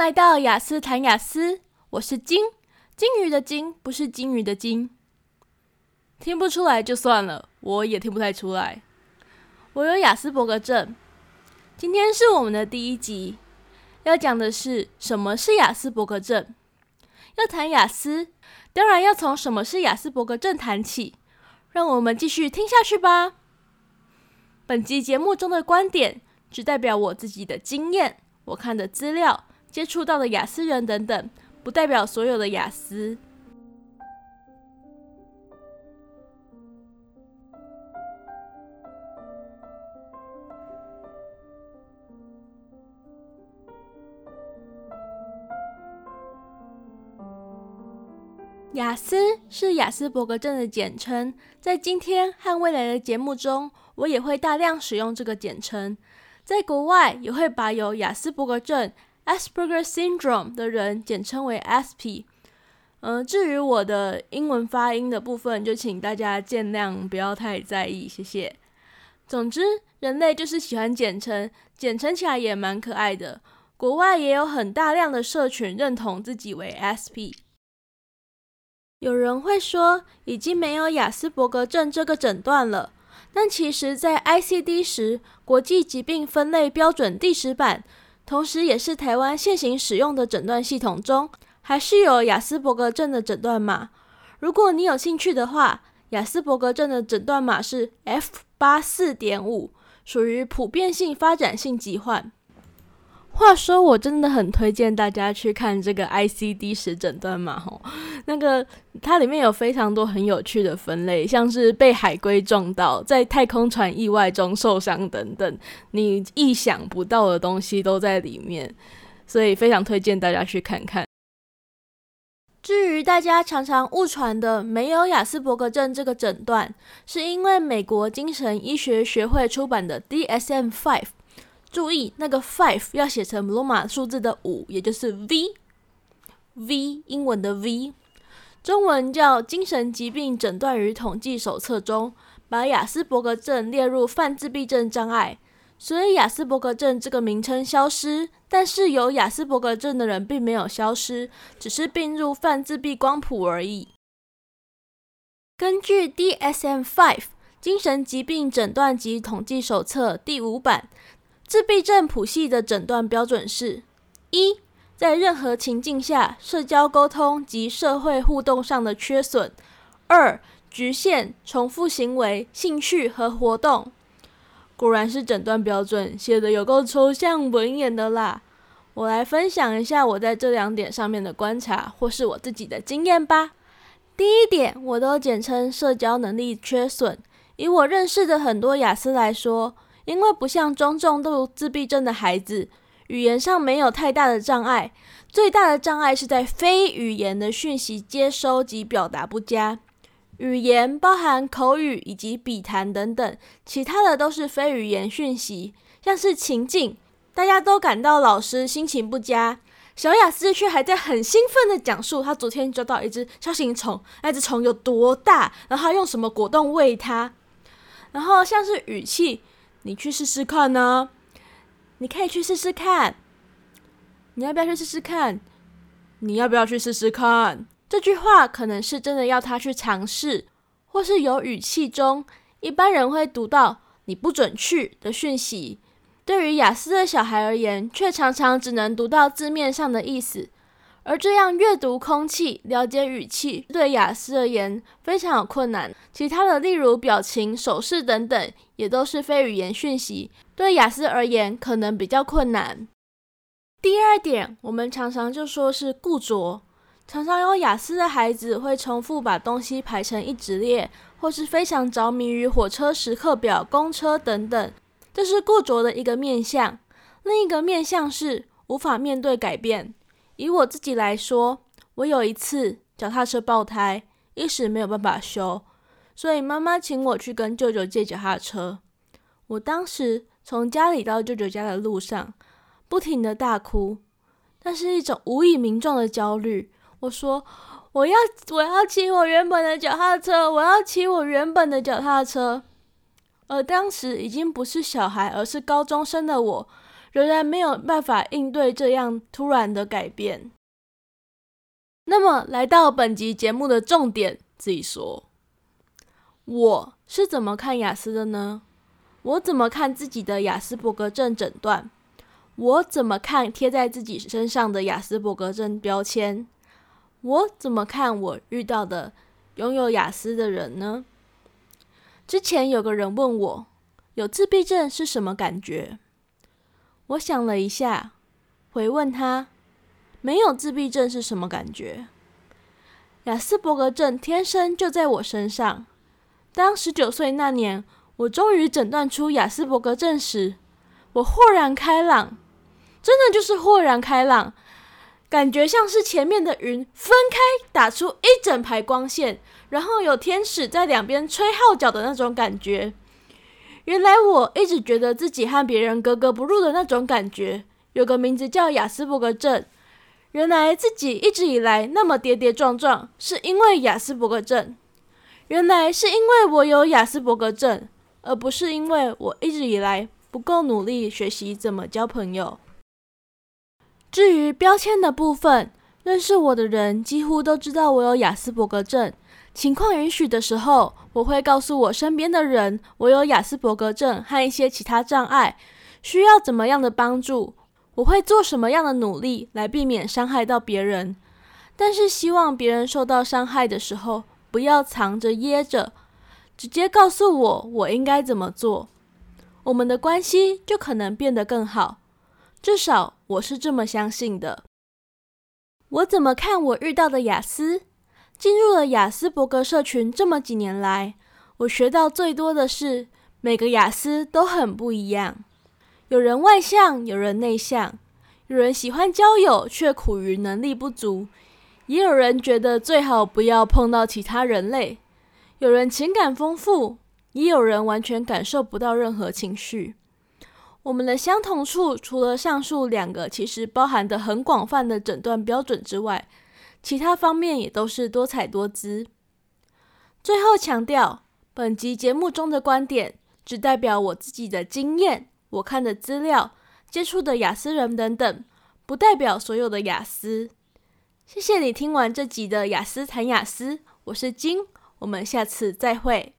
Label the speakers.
Speaker 1: 來到亞斯談亞斯，我是鯨，鯨魚的鯨，不是金魚的金，聽不出來就算了，我也聽不太出來，我有亞斯伯格症，今天是我們的第一集，要講的是什麼是亞斯伯格症？要談亞斯，當然要從什麼是亞斯伯格症談起。讓我們繼續聽下去吧。本集節目中的觀點只代表我自己的經驗，我看的資料。接觸到的亞斯人等等，不代表所有的亞斯。亞斯是亞斯伯格症的簡稱，在今天和未來的節目中，我也會大量使用這個簡稱。在國外，也會把有亞斯伯格症 Asperger syndrome 的人簡稱為 SP、呃。至於我的英文發音的部分，就請大家見諒，不要太在意，謝謝。總之，人類就是喜歡簡稱，簡稱起來也蠻可愛的。國外也有很大量的社群認同自己為 SP。有人會說，已經沒有雅斯伯格症這個診斷了，但其實，在 ICD 時，國際疾病分類標準第十版）。同時，也是台灣現行使用的診斷系統中，還是有亞斯伯格症的診斷碼。如果你有興趣的話，亞斯伯格症的診斷碼是 F 八四點五，屬於普遍性發展性疾患。話說，我真的很推薦大家去看這個 I C D 十診斷嘛。吼，那個它裡面有非常多很有趣的分類，像是被海龜撞到、在太空船意外中受傷等等，你意想不到的東西都在裡面，所以非常推薦大家去看看。至於大家常常誤傳的沒有亞斯伯格症這個診斷，是因為美國精神醫學學會出版的 D S M 5。注意，那個 five 要寫成羅馬數字的五，也就是 V，V 英文的 V，中文叫《精神疾病診斷與統計手冊》中把亞斯伯格症列入泛自閉症障礙，所以亞斯伯格症這個名稱消失，但是有亞斯伯格症的人並沒有消失，只是併入泛自閉光譜而已。根據 DSM-5，《5, 精神疾病診斷及統計手冊》第五版。自閉症譜系的診斷標準是一，在任何情境下，社交溝通及社會互動上的缺損；二，侷限重複行為、興趣和活動。果然是診斷標準寫得有夠抽象文言的啦！我來分享一下我在這兩點上面的觀察，或是我自己的經驗吧。第一點，我都簡稱社交能力缺損。以我認識的很多亞斯來說。因為不像中重度自閉症的孩子，語言上沒有太大的障礙，最大的障礙是在非語言的訊息接收及表達不佳。語言包含口語以及筆談等等，其他的都是非語言訊息，像是情境，大家都感到老師心情不佳，小亞斯卻還在很興奮地講述他昨天抓到一隻小型蟲，那隻蟲有多大，然後用什麼果凍餵它，然後像是語氣。你去試試看呢、啊？你可以去試試看。你要不要去試試看？你要不要去試試看？這句話可能是真的要他去嘗試，或是有語氣中一般人會讀到“你不准去”的訊息。對於亞斯的小孩而言，卻常常只能讀到字面上的意思。而這樣閱讀空氣、了解語氣，對亞斯而言非常有困難。其他的，例如表情、手勢等等，也都是非語言訊息，對亞斯而言可能比較困難。第二點，我們常常就說是固着，常常有亞斯的孩子會重複把東西排成一直列，或是非常着迷於火車時刻表、公車等等，這，就是固着的一個面向。另一個面向是無法面對改變。以我自己來說，我有一次腳踏車爆胎，一時沒有辦法修，所以媽媽請我去跟舅舅借腳踏車。我當時從家裡到舅舅家的路上，不停的大哭，那是一種無以名狀的焦慮。我說：“我要，我要騎我原本的腳踏車，我要騎我原本的腳踏車。”而當時已經不是小孩，而是高中生的我。仍然沒有辦法應對這樣突然的改變。那麼，來到本集節目的重點，自己說：我是怎麼看亞斯的呢？我怎麼看自己的亞斯伯格症診斷？我怎麼看貼在自己身上的亞斯伯格症標籤？我怎麼看我遇到的擁有亞斯的人呢？之前有個人問我，有自閉症是什麼感覺？我想了一下，回問他：“沒有自閉症是什麼感覺？”亞斯伯格症天生就在我身上。當十九歲那年，我終於診斷出亞斯伯格症時，我豁然開朗，真的就是豁然開朗，感覺像是前面的雲分開，打出一整排光線，然後有天使在兩邊吹號角的那種感覺。原來我一直覺得自己和別人格格不入的那種感覺，有個名字叫亞斯伯格症。原來自己一直以來那麼跌跌撞撞，是因為亞斯伯格症。原來是因為我有亞斯伯格症，而不是因為我一直以來不夠努力學習怎麼交朋友。至於標籤的部分，認識我的人幾乎都知道我有亞斯伯格症。情況允許的時候，我會告訴我身邊的人，我有亞斯伯格症和一些其他障礙，需要怎麼樣的幫助，我會做什麼樣的努力來避免傷害到別人。但是希望別人受到傷害的時候，不要藏着掖着，直接告訴我，我應該怎麼做，我們的關係就可能變得更好，至少我是這麼相信的。我怎麼看我遇到的亞斯？進入了亞斯伯格社群這麼幾年來，我學到最多的是，每個亞斯都很不一樣。有人外向，有人內向，有人喜歡交友卻苦於能力不足，也有人覺得最好不要碰到其他人類。有人情感豐富，也有人完全感受不到任何情緒。我們的相同處，除了上述兩個其實包含的很廣泛的診斷標準之外，其他方面也都是多彩多姿。最後強調，本集節目中的觀點只代表我自己的經驗、我看的資料、接觸的亞斯人等等，不代表所有的亞斯。謝謝你聽完這集的《亞斯談亞斯》，我是鯨，我們下次再會。